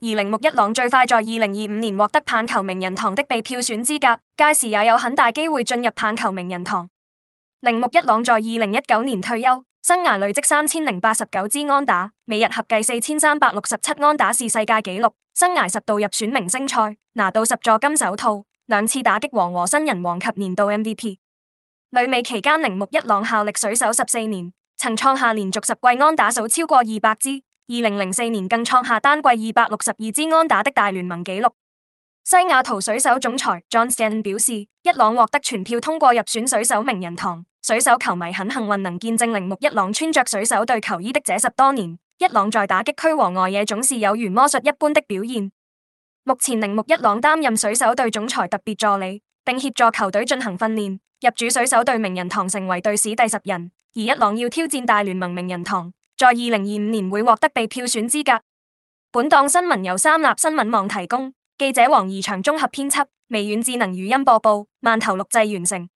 而鈴木一朗最快在二零二五年獲得棒球名人堂的被票選資格，屆時也有很大機會進入棒球名人堂。鈴木一朗在二零一九年退休，生涯累積三千零八十九支安打，美日合計四千三百六十七安打是世界紀錄。生涯十度入選明星賽，拿到十座金手套，兩次打擊王和新人王及年度 MVP。旅美期間，鈴木一朗效力水手十四年，曾創下連續十季安打數超過二百支。二零零四年更創下單季二百六十二支安打的大聯盟紀錄。西雅圖水手總裁 John Stanton 表示：一朗獲得全票通過入選水手名人堂，水手球迷很幸運能見證鈴木一朗穿着水手隊球衣的這十多年。一朗在打擊區和外野總是有如魔術一般的表現。目前鈴木一朗擔任水手隊總裁特別助理，並協助球隊進行訓練。入主水手隊名人堂，成為隊史第十人，而一朗要挑戰大聯盟名人堂。在二零二五年會獲得被票選資格。本檔新聞由三立新聞網提供，記者王怡翔綜合編輯，微軟智能語音播報，慢頭錄製完成。